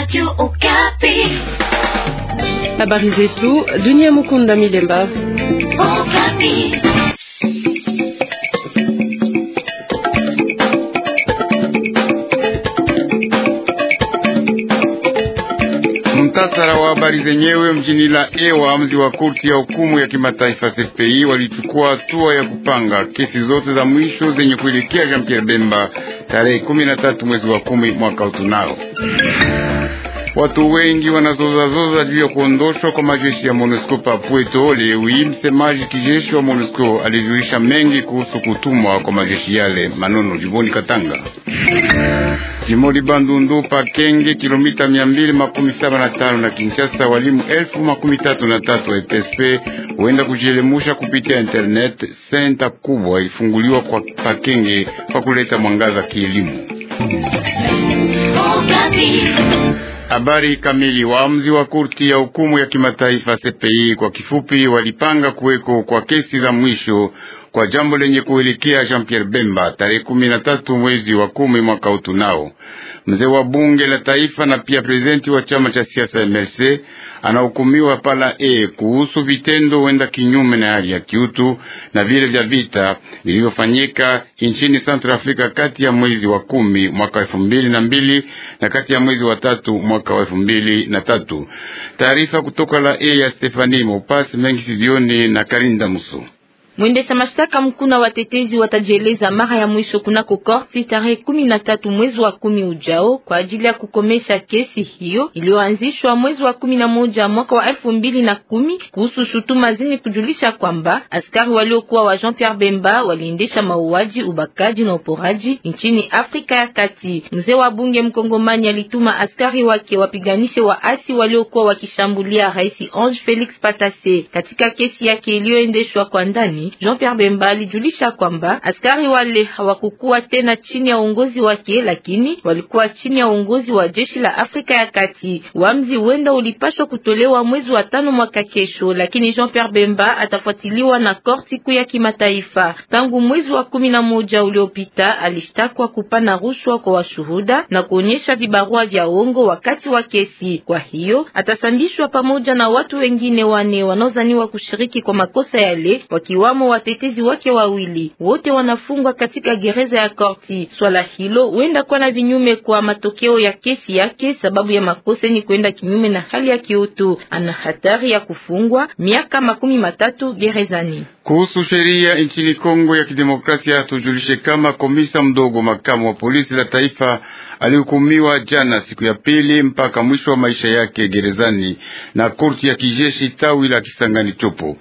Radio Okapi. Habari zetu dunia Mukunda Milemba. Okapi. Mtasara wa habari zenyewe mjini la ewa mzi wa kurti ya hukumu ya kimataifa CPI walichukua hatua ya kupanga kesi zote za mwisho zenye kuelekea Jean Pierre Bemba tarehe 13 mwezi wa kumi mwaka utunao. Watu wengi wanazozazoza juu ya kuondoshwa kwa majeshi ya MONUSCO pa Pweto. Lewi, msemaji kijeshi wa MONUSCO, alijulisha mengi kuhusu kutumwa kwa majeshi yale Manono jimboni Katanga. Jimoni Bandundu pa Kenge, kilomita 275 makumi saba na tano na Kinshasa, walimu elfu makumi tatu na tatu ETSP huenda kujielemusha kupitia internet. Senta kubwa ilifunguliwa kwa Pakenge kwa kuleta mwangaza kielimu. Oh, Habari kamili. Waamuzi wa kurti ya hukumu ya kimataifa CPI kwa kifupi, walipanga kuweko kwa kesi za mwisho kwa jambo lenye kuelekea Jean Pierre Bemba tarehe kumi na tatu mwezi wa kumi mwaka nao Mzee wa bunge la taifa na pia prezidenti wa chama cha siasa MLC anahukumiwa pala e kuhusu vitendo wenda kinyume na hali ya kiutu na vile vya vita vilivyofanyika nchini Central Africa kati ya mwezi wa kumi mwaka elfu mbili na mbili na kati ya mwezi wa tatu mwaka wa elfu mbili na tatu. Taarifa kutoka la e ya Stefani Mopas Mengi Sidioni na Karinda Musu. Mwendesha mashtaka mkuu na watetezi watajieleza mara ya mwisho kunako korti tarehe kumi na tatu mwezi wa kumi ujao kwa ajili ya kukomesha kesi hiyo iliyoanzishwa mwezi wa kumi na moja mwaka wa elfu mbili na kumi kuhusu shutuma zenye kujulisha kwamba askari waliokuwa wa Jean Pierre Bemba waliendesha mauaji, ubakaji na uporaji nchini Afrika ya Kati. Mzee wa bunge mkongomani alituma askari wake wapiganishe waasi waliokuwa wakishambulia Rais Ange Felix Patasse katika kesi yake iliyoendeshwa kwa ndani Jean-Pierre Bemba alijulisha kwamba askari wale hawakukuwa tena chini ya uongozi wake, lakini walikuwa chini ya uongozi wa jeshi la Afrika ya Kati. Uamuzi wenda ulipashwa kutolewa mwezi wa tano mwaka kesho, lakini Jean-Pierre Bemba atafuatiliwa na korti kuu ya kimataifa. Tangu mwezi wa kumi na moja uliopita alishtakwa kupana rushwa kwa washuhuda na kuonyesha vibarua vya uongo wakati wa kesi. Kwa hiyo atasambishwa pamoja na watu wengine wane wanaozaniwa kushiriki kwa makosa yale wakiwa kama watetezi wake wawili wote wanafungwa katika gereza ya korti. Swala hilo huenda kuwa na vinyume kwa matokeo ya kesi yake, sababu ya makosa ni kwenda kinyume na hali ya kiutu. Ana hatari ya kufungwa miaka makumi matatu gerezani kuhusu sheria nchini Kongo ya Kidemokrasia. Tujulishe kama komisa mdogo makamu wa polisi la taifa alihukumiwa jana siku ya pili mpaka mwisho wa maisha yake gerezani na korti ya kijeshi tawi la Kisangani tupo.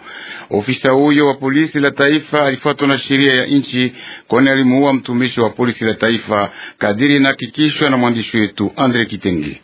Ofisa huyo wa polisi la taifa alifuatwa na sheria ya nchi, kwani alimuua mtumishi wa polisi la taifa, kadiri inahakikishwa na mwandishi wetu Andre Kitenge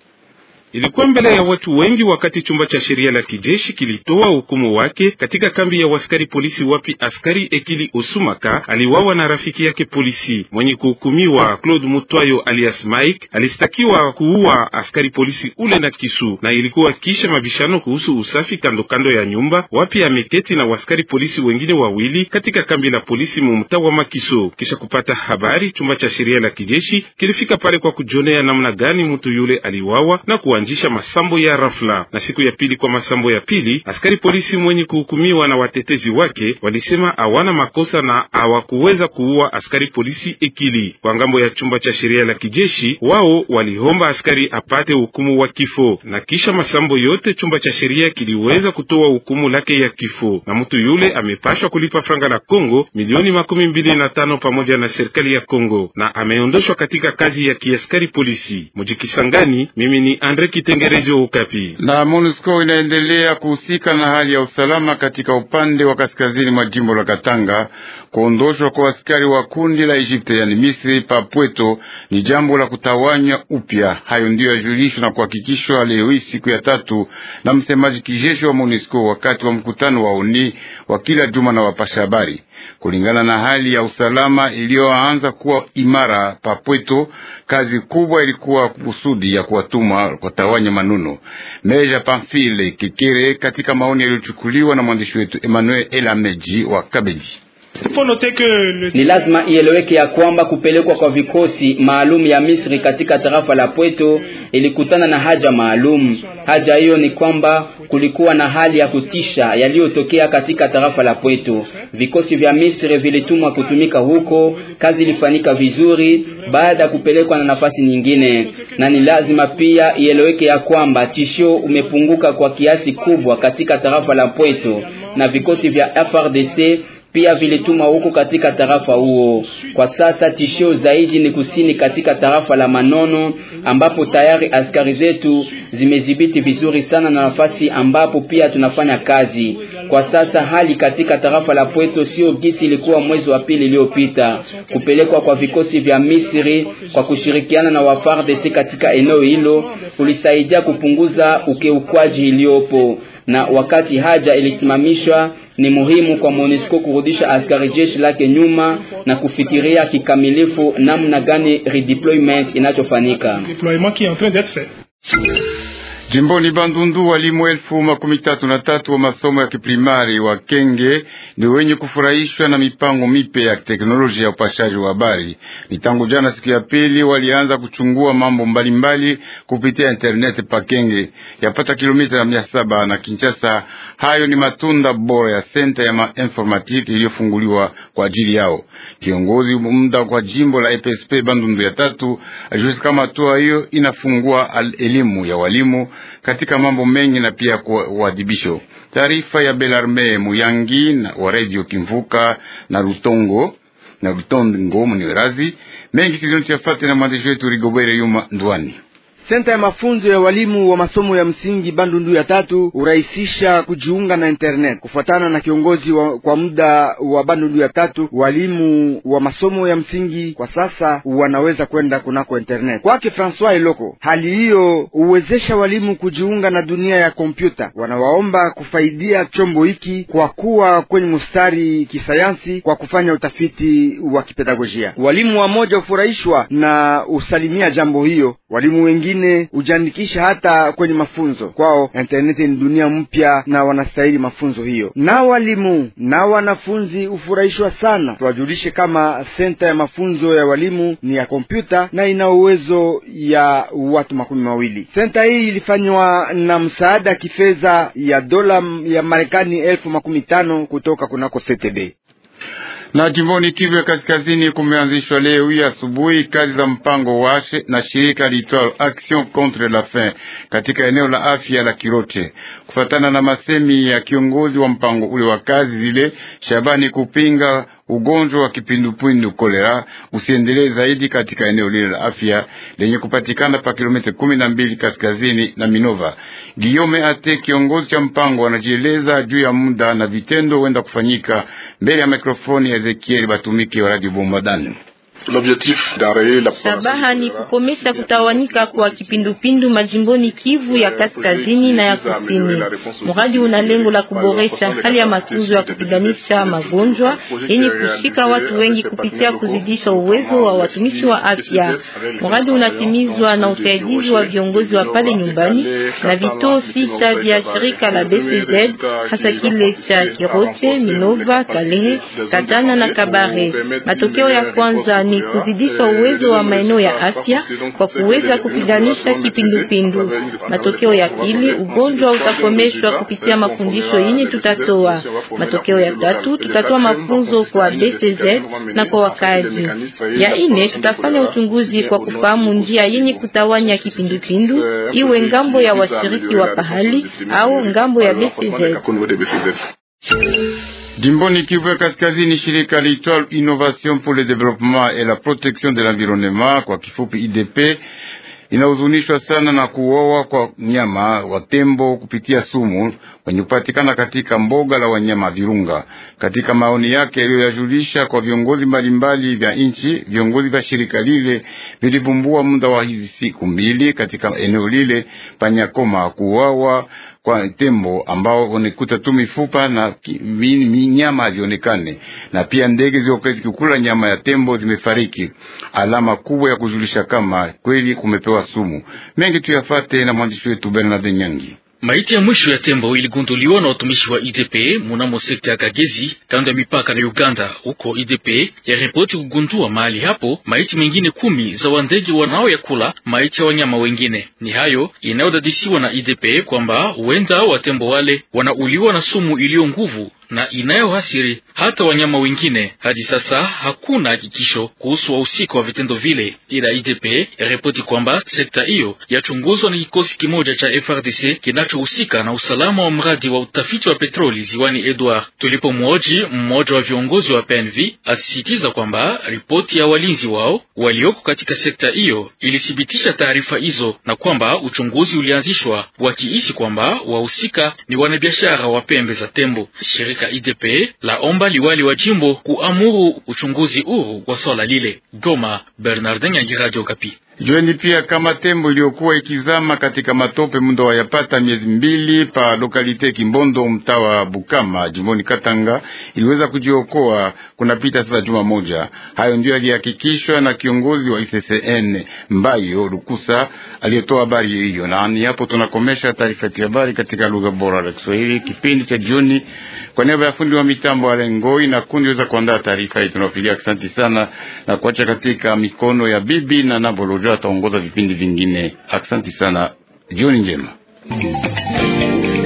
ilikuwa mbele ya watu wengi wakati chumba cha sheria la kijeshi kilitoa hukumu wake katika kambi ya waskari polisi wapi askari Ekili Osumaka aliwawa na rafiki yake polisi. Mwenye kuhukumiwa Claude Mutwayo alias Mike alistakiwa kuua askari polisi ule na kisu, na ilikuwa kisha mabishano kuhusu usafi kando kando ya nyumba wapi ameketi na waskari polisi wengine wawili katika kambi la polisi mumtaa wa Makiso. Kisha kupata habari, chumba cha sheria la kijeshi kilifika pale kwa kujonea namna gani mtu yule aliwawa na kuwa kuanzisha masambo ya rafla. Na siku ya pili kwa masambo ya pili, askari polisi mwenye kuhukumiwa na watetezi wake walisema hawana makosa na hawakuweza kuua askari polisi Ekili. Kwa ngambo ya chumba cha sheria la kijeshi, wao walihomba askari apate hukumu wa kifo, na kisha masambo yote chumba cha sheria kiliweza kutoa hukumu lake ya kifo, na mtu yule amepashwa kulipa franga la Kongo milioni makumi mbili na tano pamoja na serikali ya Kongo, na ameondoshwa katika kazi ya kiaskari polisi mujikisangani. Mimi ni Andre Kitengerejo Ukapi. Na MONUSCO inaendelea kuhusika na hali ya usalama katika upande wa kaskazini mwa jimbo la Katanga. Kuondoshwa kwa askari wa kundi la Egypte yani Misri papweto ni jambo la kutawanya upya. Hayo ndiyo yajulishwa na kuhakikishwa leo hii siku ya tatu na msemaji kijeshi wa MONUSCO wakati wa mkutano wa oni wa kila juma na wapasha habari. Kulingana na hali ya usalama iliyoanza kuwa imara papweto, kazi kubwa ilikuwa kusudi ya kuwatuma kwa tawanya manunu. Meja Pamfile Kekere katika maoni yaliyochukuliwa na mwandishi wetu Emmanuel Elameji wa Kabeji. Ni lazima ieleweke ya kwamba kupelekwa kwa vikosi maalum ya Misri katika tarafa la Pweto ilikutana na haja maalum. Haja hiyo ni kwamba kulikuwa na hali ya kutisha yaliyotokea katika tarafa la Pweto. Vikosi vya Misri vilitumwa kutumika huko, kazi ilifanyika vizuri baada ya kupelekwa na nafasi nyingine. Na ni lazima pia ieleweke ya kwamba tishio umepunguka kwa kiasi kubwa katika tarafa la Pweto na vikosi vya FRDC pia vilituma huko katika tarafa huo. Kwa sasa tishio zaidi ni kusini katika tarafa la Manono, ambapo tayari askari zetu zimedhibiti vizuri sana na nafasi ambapo pia tunafanya kazi kwa sasa. Hali katika tarafa la Pweto sio gisi ilikuwa mwezi wa pili iliyopita. Kupelekwa kwa vikosi vya Misri kwa kushirikiana na wafardesi katika eneo hilo ulisaidia kupunguza ukeukwaji iliyopo na wakati haja ilisimamishwa, ni muhimu kwa MONUSCO kurudisha askari jeshi lake nyuma na kufikiria kikamilifu namna gani redeployment inachofanyika. Jimboni Bandundu walimu elfu makumi tatu na tatu wa masomo ya kiprimari wa Kenge ni wenye kufurahishwa na mipango mipya ya teknolojia ya upashaji wa habari. Ni tangu jana siku ya pili walianza kuchungua mambo mbalimbali kupitia internet pa Kenge yapata kilomita mia saba na Kinshasa. Hayo ni matunda bora ya senta ya informatiki iliyofunguliwa kwa ajili yao. Kiongozi muda kwa jimbo la EPSP Bandundu ya tatu ajuisi kama hatua hiyo inafungua elimu ya walimu katika mambo mengi na pia kwa uadhibisho. Taarifa ya Belarme Muyangi na wa Radio Kimvuka na Rutongo na Rutongo Mniwerazi mengi tulizotuafate na mwandishi wetu Rigobere Yuma Ndwani. Senta ya mafunzo ya walimu wa masomo ya msingi Bandundu ya tatu hurahisisha kujiunga na internet. Kufuatana na kiongozi wa, kwa muda wa Bandundu ya tatu, walimu wa masomo ya msingi kwa sasa wanaweza kwenda kunako internet. Kwake Francois Eloko, hali hiyo huwezesha walimu kujiunga na dunia ya kompyuta. Wanawaomba kufaidia chombo hiki kwa kuwa kwenye mustari kisayansi kwa kufanya utafiti wa kipedagojia. Walimu wa moja hufurahishwa na usalimia jambo hiyo, walimu wengine wengine hujiandikisha hata kwenye mafunzo kwao. Intaneti ni dunia mpya na wanastahili mafunzo hiyo, na walimu na wanafunzi hufurahishwa sana. Tuwajulishe kama senta ya mafunzo ya walimu ni ya kompyuta na ina uwezo ya watu makumi mawili. Senta hii ilifanywa na msaada ya kifedha ya dola ya Marekani elfu makumi tano kutoka kunako CTB. Na jimboni Kivu ya Kaskazini kumeanzishwa leo hii asubuhi kazi za mpango washe na shirika liitwalo Action Contre la Faim katika eneo la afya la Kiroche. Kufatana na masemi ya kiongozi wa mpango ule wa kazi zile, Shabani, kupinga ugonjwa wa kipindupindu kolera usiendelee zaidi katika eneo lile la afya lenye kupatikana pa kilomita kumi na mbili kaskazini na Minova. Guillaume Ate, kiongozi cha mpango, anajieleza juu ya muda na vitendo huenda kufanyika mbele ya mikrofoni ya Ezekieli Batumike wa Radio Bombadani. Shabaha ni kukomesha kutawanika kwa kipindupindu majimboni Kivu ya euh, kaskazini na ya kusini. Mradi una lengo la kuboresha hali ya matunzo ya kupiganisha magonjwa yenye kushika watu wengi kupitia kuzidisha uwezo wa watumishi wa afya. Mradi unatimizwa na usaidizi wa viongozi wa pale nyumbani na vituo sita vya shirika la BCZ hasa kile cha Kiroche, Minova, Kalehe, Katana na Kabare. Matokeo ya kwanza ni ni kuzidisha uwezo wa maeneo ya afya kwa kuweza kupiganisha kipindupindu. Matokeo ya pili, ugonjwa utakomeshwa kupitia mafundisho yenye tutatoa. Matokeo ya tatu, tutatoa mafunzo kwa BCZ na kwa wakaji Ya ine, tutafanya uchunguzi kwa kufahamu njia yenye kutawanya kipindupindu, iwe ngambo ya washiriki wa pahali au ngambo ya BCZ. Jimboni Kivu ya Kaskazini, shirika liitwalo Innovation pour le Developement et la Protection de l'Environnement, kwa kifupi IDP, inahuzunishwa sana na kuoa kwa nyama wa tembo kupitia sumu wenye kupatikana katika mboga la wanyama Virunga. Katika maoni yake yaliyoyajulisha kwa viongozi mbalimbali vya nchi, viongozi vya shirika lile vilivumbua muda wa hizi siku mbili katika eneo lile Panyakoma kuuawa kwa tembo ambao onekuta tu mifupa na nyama hazionekane, na pia ndege zikikula nyama ya tembo zimefariki. Alama kubwa ya kujulisha kama kweli kumepewa sumu. Mengi tuyafate na mwandishi wetu Bernard Nyangi. Maiti ya mwisho ya tembo iligunduliwa na watumishi wa IDP munamo sekta ya Kagezi kando ya mipaka na Uganda. Huko IDP ya ripoti kugundua mahali hapo maiti mengine kumi za wandege yakula maiti ya wanyama wengine. Ni hayo inayodadisiwa na IDP kwamba huenda watembo wale wanauliwa na sumu iliyo nguvu na inayohasiri hata wanyama wengine. Hadi sasa hakuna hakikisho kuhusu wahusika wa vitendo vile, ila IDP yaripoti kwamba sekta hiyo yachunguzwa na kikosi kimoja cha FRDC kinachohusika na usalama wa mradi wa utafiti wa petroli ziwani Edward. Tulipomwoji mmoja wa viongozi wa PNV, asisitiza kwamba ripoti ya walinzi wao walioko katika sekta hiyo ilithibitisha taarifa hizo na kwamba uchunguzi ulianzishwa wakiisi kwamba wahusika ni wanabiashara wa pembe za tembo Shiri shirika IDP omba liwali wa jimbo kuamuru uchunguzi huru wa swala lile. Goma, Bernardin Nyangi, Radio Kapi. Jueni pia kama tembo iliyokuwa ikizama katika matope muda wa yapata miezi mbili pa lokalite Kimbondo mtawa Bukama jimboni Katanga iliweza kujiokoa kunapita sasa juma moja. Hayo ndio yalihakikishwa na kiongozi wa ICCN Mbayo Lukusa aliyetoa habari hiyo, na ni hapo tunakomesha taarifa ya habari katika lugha bora la Kiswahili kipindi cha jioni. Kwa niaba ya fundi wa mitambo wa Lengoi na kundi weza kuandaa taarifa hii, tunawapigia asante sana na kuacha katika mikono ya bibi na Nabolo ndio ataongoza vipindi vingine. Asante sana, jioni njema.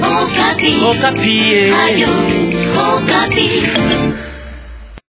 Okapi. Okapi. Eh.